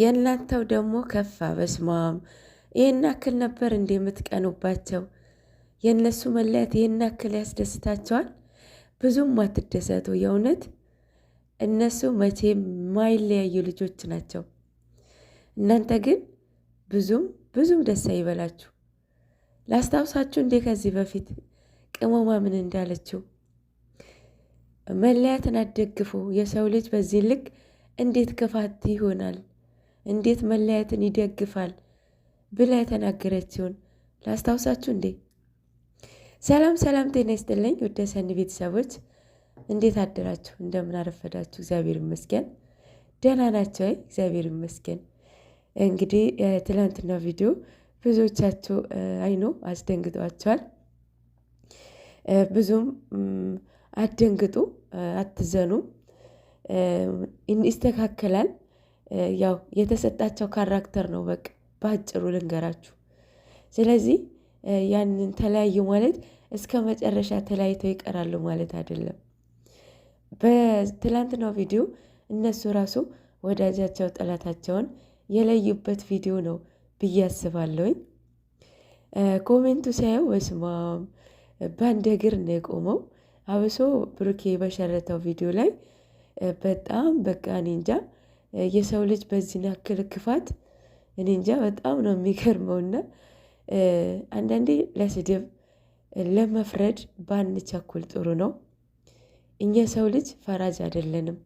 የእናንተው ደግሞ ከፋ። በስማም ይህን ያክል ነበር እንደ የምትቀኑባቸው። የእነሱ መለያት ይህን ያክል ያስደስታቸዋል? ብዙም አትደሰቱ። የእውነት እነሱ መቼ ማይለያዩ ልጆች ናቸው። እናንተ ግን ብዙም ብዙም ደስ አይበላችሁ። ላስታውሳችሁ እንዴ ከዚህ በፊት ቅመማ ምን እንዳለችው መለያትን አትደግፉ። የሰው ልጅ በዚህ ልክ እንዴት ክፋት ይሆናል? እንዴት መለያየትን ይደግፋል ብላ የተናገረች ሲሆን ላስታውሳችሁ እንዴ። ሰላም ሰላም፣ ጤና ይስጥልኝ ወደ ሰኒ ቤተሰቦች እንዴት አደራችሁ? እንደምን አረፈዳችሁ? እግዚአብሔር ይመስገን ደህና ናቸው። እግዚአብሔር ይመስገን። እንግዲህ ትላንትና ቪዲዮ ብዙዎቻችሁ አይኖ አስደንግጧቸዋል። ብዙም አደንግጡ አትዘኑ፣ ይስተካከላል ያው የተሰጣቸው ካራክተር ነው። በቃ በአጭሩ ልንገራችሁ። ስለዚህ ያንን ተለያዩ ማለት እስከ መጨረሻ ተለያይተው ይቀራሉ ማለት አይደለም። በትላንትናው ቪዲዮ እነሱ ራሱ ወዳጃቸው ጠላታቸውን የለዩበት ቪዲዮ ነው ብዬ አስባለሁኝ። ኮሜንቱ ሳየው በስማም በአንድ እግር ነው የቆመው። አብሶ ብሩኬ በሸረተው ቪዲዮ ላይ በጣም በቃ እኔ እንጃ የሰው ልጅ በዚህን ያክል ክፋት እኔ እንጃ በጣም ነው የሚገርመውና አንዳንዴ ለስድብ ለመፍረድ ባንቸኩል ጥሩ ነው። እኛ ሰው ልጅ ፈራጅ አይደለንም።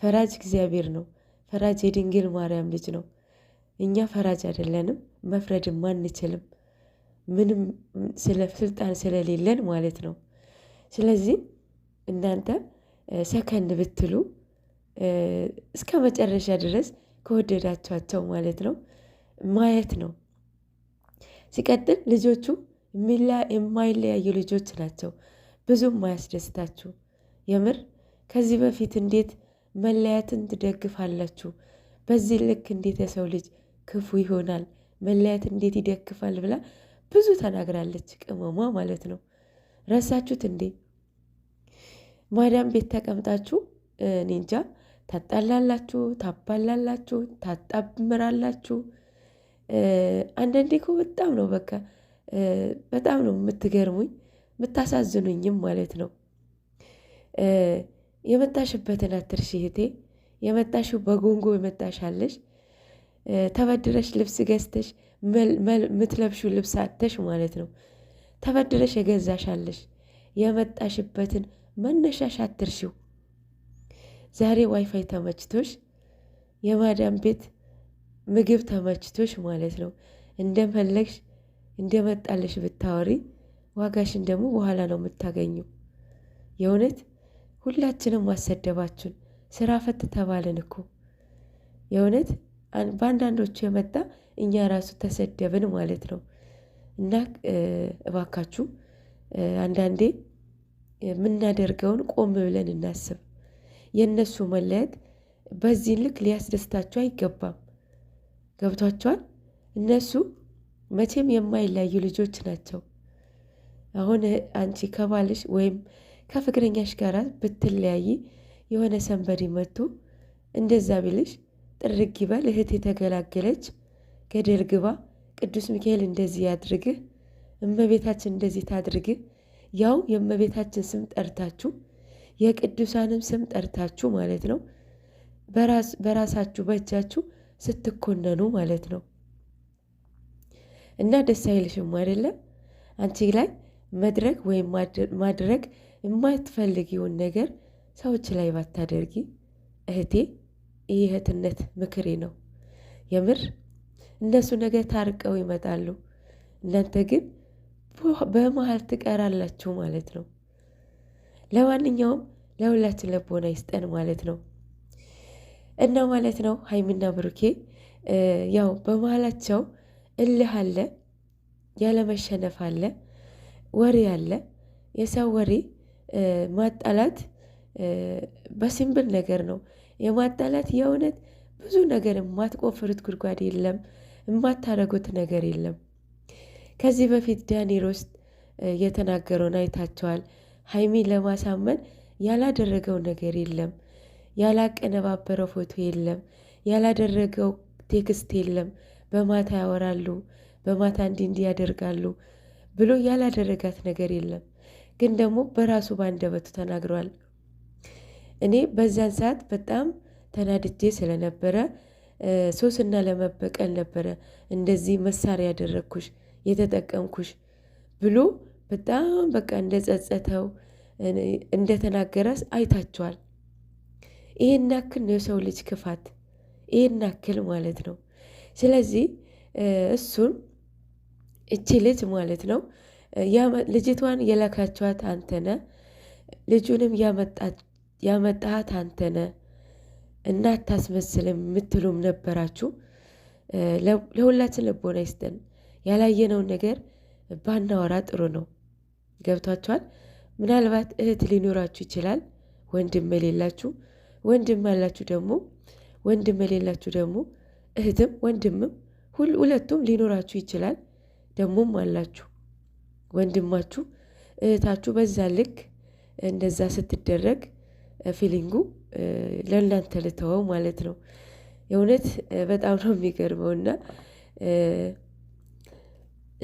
ፈራጅ እግዚአብሔር ነው። ፈራጅ የድንግል ማርያም ልጅ ነው። እኛ ፈራጅ አይደለንም፣ መፍረድም አንችልም፣ ምንም ስልጣን ስለሌለን ማለት ነው። ስለዚህ እናንተ ሰከንድ ብትሉ እስከ መጨረሻ ድረስ ከወደዳቸዋቸው ማለት ነው ማየት ነው። ሲቀጥል ልጆቹ የማይለያዩ ልጆች ናቸው። ብዙም ማያስደስታችሁ የምር ከዚህ በፊት እንዴት መለያትን ትደግፋላችሁ? በዚህ ልክ እንዴት የሰው ልጅ ክፉ ይሆናል? መለያት እንዴት ይደግፋል? ብላ ብዙ ተናግራለች። ቅመሟ ማለት ነው። ረሳችሁት እንዴ? ማዳም ቤት ተቀምጣችሁ እኔ እንጃ ታጣላላችሁ፣ ታባላላችሁ፣ ታጣምራላችሁ። አንዳንዴ እኮ በጣም ነው በቃ በጣም ነው የምትገርሙኝ የምታሳዝኑኝም ማለት ነው። የመጣሽበትን አትርሺ እህቴ። የመጣሽው በጎንጎ የመጣሻለሽ ተበድረሽ ልብስ ገዝተሽ ምትለብሹ ልብስ አተሽ ማለት ነው። ተበድረሽ የገዛሻለሽ። የመጣሽበትን መነሻሽ አትርሺው። ዛሬ ዋይፋይ ተመችቶሽ የማዳም ቤት ምግብ ተመችቶሽ ማለት ነው። እንደፈለግሽ እንደመጣለሽ ብታወሪ ዋጋሽን ደግሞ በኋላ ነው የምታገኙ። የእውነት ሁላችንም አሰደባችሁን። ስራ ፈት ተባልን እኮ የእውነት በአንዳንዶቹ የመጣ እኛ ራሱ ተሰደብን ማለት ነው። እና እባካችሁ አንዳንዴ የምናደርገውን ቆም ብለን እናስብ። የእነሱ መለየት በዚህ ልክ ሊያስደስታቸው አይገባም። ገብቷቸዋል። እነሱ መቼም የማይለያዩ ልጆች ናቸው። አሁን አንቺ ከባልሽ ወይም ከፍቅረኛሽ ጋር ብትለያይ የሆነ ሰንበሪ መጥቶ እንደዛ ቢልሽ ጥርግ ይበል። እህት የተገላገለች ገደል ግባ፣ ቅዱስ ሚካኤል እንደዚህ ያድርግህ፣ እመቤታችን እንደዚህ ታድርግህ፣ ያው የእመቤታችን ስም ጠርታችሁ የቅዱሳንም ስም ጠርታችሁ ማለት ነው በራሳችሁ በእጃችሁ ስትኮነኑ ማለት ነው። እና ደስ አይልሽም አይደለም? አንቺ ላይ መድረግ ወይም ማድረግ የማትፈልጊውን ነገር ሰዎች ላይ ባታደርጊ እህቴ፣ እህትነት ምክሬ ነው። የምር እነሱ ነገ ታርቀው ይመጣሉ፣ እናንተ ግን በመሀል ትቀራላችሁ ማለት ነው። ለማንኛውም ለሁላችን ልቦና ይስጠን ማለት ነው። እና ማለት ነው ሀይሚና ብሩኬ ያው በመሀላቸው እልህ አለ፣ ያለመሸነፍ አለ፣ ወሬ አለ። የሰው ወሬ ማጣላት በሲምብል ነገር ነው የማጣላት የእውነት ብዙ ነገር የማትቆፍሩት ጉድጓድ የለም፣ የማታረጉት ነገር የለም። ከዚህ በፊት ዳኒ ሮስት የተናገረውን አይታቸዋል። ሀይሚን ለማሳመን ያላደረገው ነገር የለም፣ ያላቀነባበረው ፎቶ የለም፣ ያላደረገው ቴክስት የለም። በማታ ያወራሉ፣ በማታ እንዲህ እንዲህ ያደርጋሉ ብሎ ያላደረጋት ነገር የለም። ግን ደግሞ በራሱ ባንደበቱ ተናግሯል። እኔ በዛን ሰዓት በጣም ተናድጄ ስለነበረ ሶስና ለመበቀል ነበረ እንደዚህ መሳሪያ ያደረግኩሽ የተጠቀምኩሽ ብሎ በጣም በቃ እንደጸጸተው። እንደተናገረ አይታችኋል። ይህን ያክል ነው የሰው ልጅ ክፋት፣ ይህን ያክል ማለት ነው። ስለዚህ እሱን እቺ ልጅ ማለት ነው ልጅቷን የላካችኋት አንተነ፣ ልጁንም ያመጣሃት አንተነ እና አታስመስልም የምትሉም ነበራችሁ። ለሁላችን ልቦና ይስጠን። ያላየነውን ነገር ባናወራ ጥሩ ነው። ገብቷችኋል። ምናልባት እህት ሊኖራችሁ ይችላል። ወንድም የሌላችሁ ወንድም አላችሁ ደግሞ ወንድም የሌላችሁ ደግሞ እህትም ወንድምም ሁለቱም ሊኖራችሁ ይችላል። ደግሞም አላችሁ ወንድማችሁ እህታችሁ በዛ ልክ እንደዛ ስትደረግ ፊሊንጉ ለእናንተ ልተወው ማለት ነው። የእውነት በጣም ነው የሚገርመው እና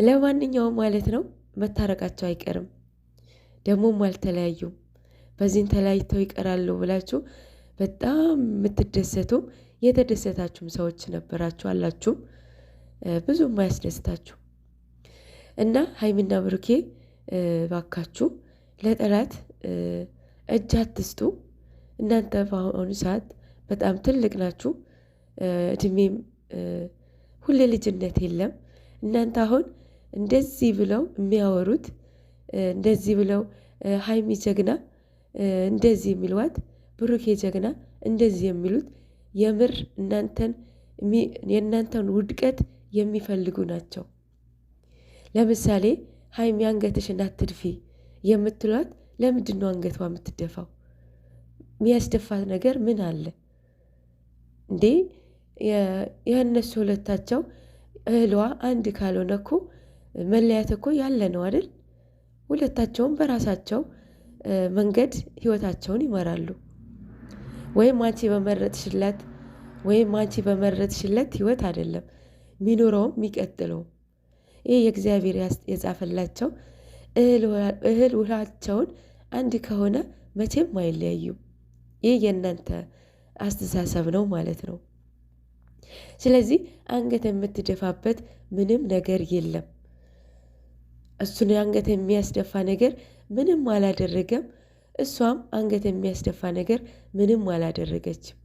ለማንኛውም ማለት ነው መታረቃቸው አይቀርም። ደግሞም አልተለያዩም። በዚህን ተለያይተው ይቀራሉ ብላችሁ በጣም የምትደሰቱም የተደሰታችሁም ሰዎች ነበራችሁ አላችሁም። ብዙም አያስደስታችሁ እና ሀይሚና ብሩኬ ባካችሁ ለጠላት እጅ አትስጡ። እናንተ በአሁኑ ሰዓት በጣም ትልቅ ናችሁ። እድሜም ሁሌ ልጅነት የለም። እናንተ አሁን እንደዚህ ብለው የሚያወሩት እንደዚህ ብለው ሀይሚ ጀግና እንደዚህ የሚልዋት ብሩኬ ጀግና እንደዚህ የሚሉት የምር እናንተን የእናንተን ውድቀት የሚፈልጉ ናቸው። ለምሳሌ ሀይሚ አንገትሽን አትድፊ የምትሏት ለምንድን ነው አንገቷ የምትደፋው? የሚያስደፋት ነገር ምን አለ እንዴ? የእነሱ ሁለታቸው እህሏ አንድ ካልሆነ እኮ መለያት እኮ ያለ ነው አይደል? ሁለታቸውም በራሳቸው መንገድ ህይወታቸውን ይመራሉ። ወይም አንቺ በመረጥሽለት ወይም አንቺ በመረጥሽለት ህይወት አይደለም የሚኖረውም የሚቀጥለውም። ይህ የእግዚአብሔር የጻፈላቸው እህል ውሃቸውን አንድ ከሆነ መቼም አይለያዩም። ይህ የእናንተ አስተሳሰብ ነው ማለት ነው። ስለዚህ አንገት የምትደፋበት ምንም ነገር የለም። እሱን አንገት የሚያስደፋ ነገር ምንም አላደረገም። እሷም አንገት የሚያስደፋ ነገር ምንም አላደረገችም።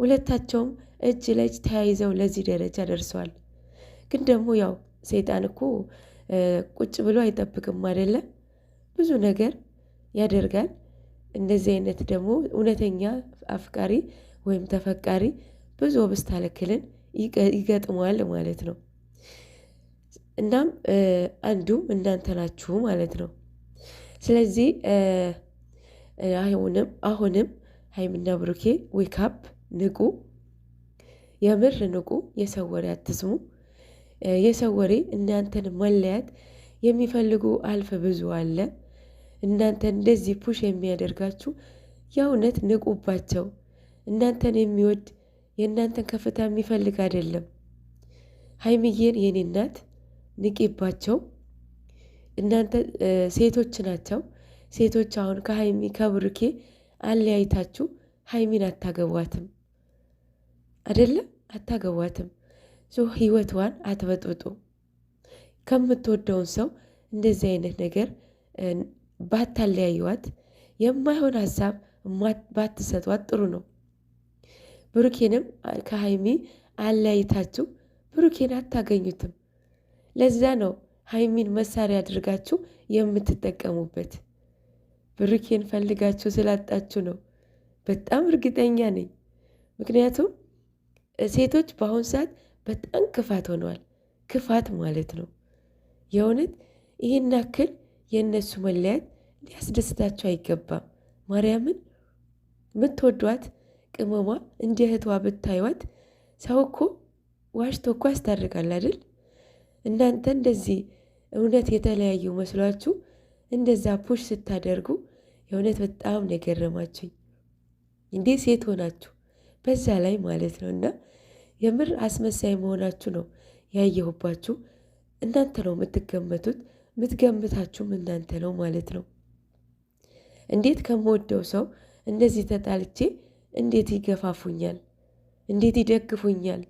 ሁለታቸውም እጅ ለእጅ ተያይዘው ለዚህ ደረጃ ደርሰዋል። ግን ደግሞ ያው ሰይጣን እኮ ቁጭ ብሎ አይጠብቅም አይደለም፣ ብዙ ነገር ያደርጋል። እንደዚህ አይነት ደግሞ እውነተኛ አፍቃሪ ወይም ተፈቃሪ ብዙ ኦብስታክልን ይገጥመዋል ማለት ነው። እናም አንዱም እናንተ ናችሁ ማለት ነው። ስለዚህ አሁንም አሁንም ሀይምና ብሩኬ ዌካፕ ንቁ፣ የምር ንቁ። የሰው ወሬ አትስሙ። የሰው ወሬ እናንተን መለያት የሚፈልጉ አልፍ ብዙ አለ። እናንተን እንደዚህ ፑሽ የሚያደርጋችሁ የእውነት ንቁባቸው። እናንተን የሚወድ የእናንተን ከፍታ የሚፈልግ አይደለም። ሀይምዬን የኔ ንቄባቸው። እናንተ ሴቶች ናቸው። ሴቶች አሁን ከሀይሚ ከብሩኬ አለያይታችሁ ሀይሚን አታገቧትም አይደለም፣ አታገቧትም። ህይወትዋን አትበጥብጡ። ከምትወደውን ሰው እንደዚህ አይነት ነገር ባታለያዩዋት፣ የማይሆን ሀሳብ ባትሰጧት ጥሩ ነው። ብሩኬንም ከሀይሚ አለያይታችሁ ብሩኬን አታገኙትም። ለዛ ነው ሀይሚን መሳሪያ አድርጋችሁ የምትጠቀሙበት። ብሩኬን ፈልጋችሁ ስላጣችሁ ነው። በጣም እርግጠኛ ነኝ። ምክንያቱም ሴቶች በአሁኑ ሰዓት በጣም ክፋት ሆነዋል። ክፋት ማለት ነው። የእውነት ይህን ያክል የእነሱ መለያት ሊያስደስታቸው አይገባም። ማርያምን የምትወዷት ቅመሟ እንደ እህቷ ብታይዋት ሰው እኮ ዋሽቶ እኮ ያስታርቃል አይደል? እናንተ እንደዚህ እውነት የተለያዩ መስሏችሁ እንደዛ ፑሽ ስታደርጉ የእውነት በጣም ነው የገረማችሁኝ። እንዴ ሴት ሆናችሁ በዛ ላይ ማለት ነው። እና የምር አስመሳይ መሆናችሁ ነው ያየሁባችሁ። እናንተ ነው የምትገመቱት፣ የምትገምታችሁም እናንተ ነው ማለት ነው። እንዴት ከምወደው ሰው እንደዚህ ተጣልቼ እንዴት ይገፋፉኛል፣ እንዴት ይደግፉኛል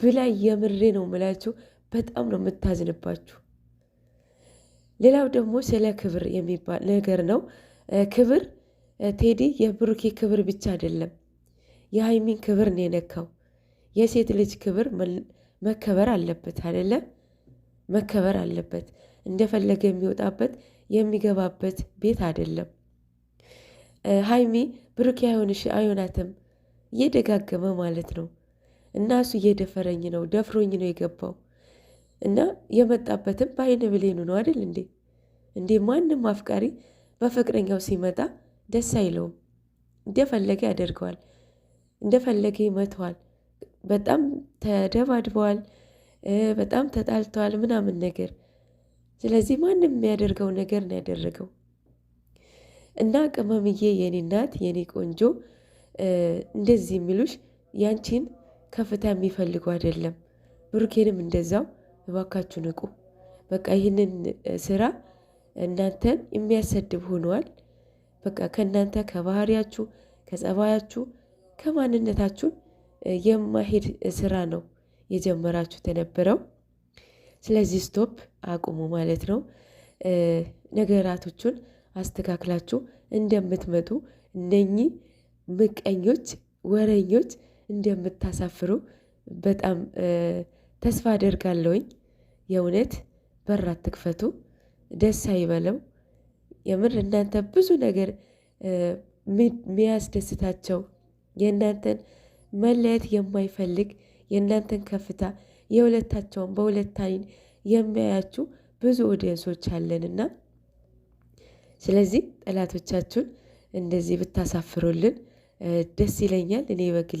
ብላ የምሬ ነው ምላችሁ በጣም ነው የምታዝንባችሁ። ሌላው ደግሞ ስለ ክብር የሚባል ነገር ነው። ክብር ቴዲ የብሩኬ ክብር ብቻ አይደለም፣ የሀይሚን ክብር ነው የነካው። የሴት ልጅ ክብር መከበር አለበት አይደለም፣ መከበር አለበት። እንደፈለገ የሚወጣበት የሚገባበት ቤት አይደለም። ሀይሚ ብሩኬ አይሆንሽ አይሆናትም እየደጋገመ ማለት ነው እና እሱ እየደፈረኝ ነው ደፍሮኝ ነው የገባው እና የመጣበትም በአይን ብሌኑ ነው አይደል እንዴ? እንዴ ማንም አፍቃሪ በፍቅረኛው ሲመጣ ደስ አይለውም። እንደፈለገ ያደርገዋል፣ እንደፈለገ ይመተዋል። በጣም ተደባድበዋል፣ በጣም ተጣልተዋል ምናምን ነገር። ስለዚህ ማንም የሚያደርገው ነገር ነው ያደረገው እና ቅመምዬ፣ የኔ እናት፣ የኔ ቆንጆ እንደዚህ የሚሉሽ ያንቺን ከፍታ የሚፈልጉ አይደለም። ብሩኬንም እንደዛው እባካችሁ ንቁ። በቃ ይህንን ስራ እናንተን የሚያሰድብ ሆኗል። በቃ ከእናንተ ከባህሪያችሁ፣ ከጸባያችሁ፣ ከማንነታችሁን የማሄድ ስራ ነው የጀመራችሁ ተነበረው። ስለዚህ ስቶፕ አቁሙ ማለት ነው። ነገራቶቹን አስተካክላችሁ እንደምትመጡ እነኚህ ምቀኞች፣ ወረኞች እንደምታሳፍሩ በጣም ተስፋ አደርጋለሁኝ። የእውነት በር አትክፈቱ፣ ደስ አይበለው። የምር እናንተ ብዙ ነገር የሚያስደስታቸው የእናንተን መለየት የማይፈልግ የእናንተን ከፍታ የሁለታቸውን በሁለት አይን የሚያያችሁ ብዙ ኦዲየንሶች አለንና ስለዚህ ጠላቶቻችሁን እንደዚህ ብታሳፍሩልን ደስ ይለኛል እኔ በግል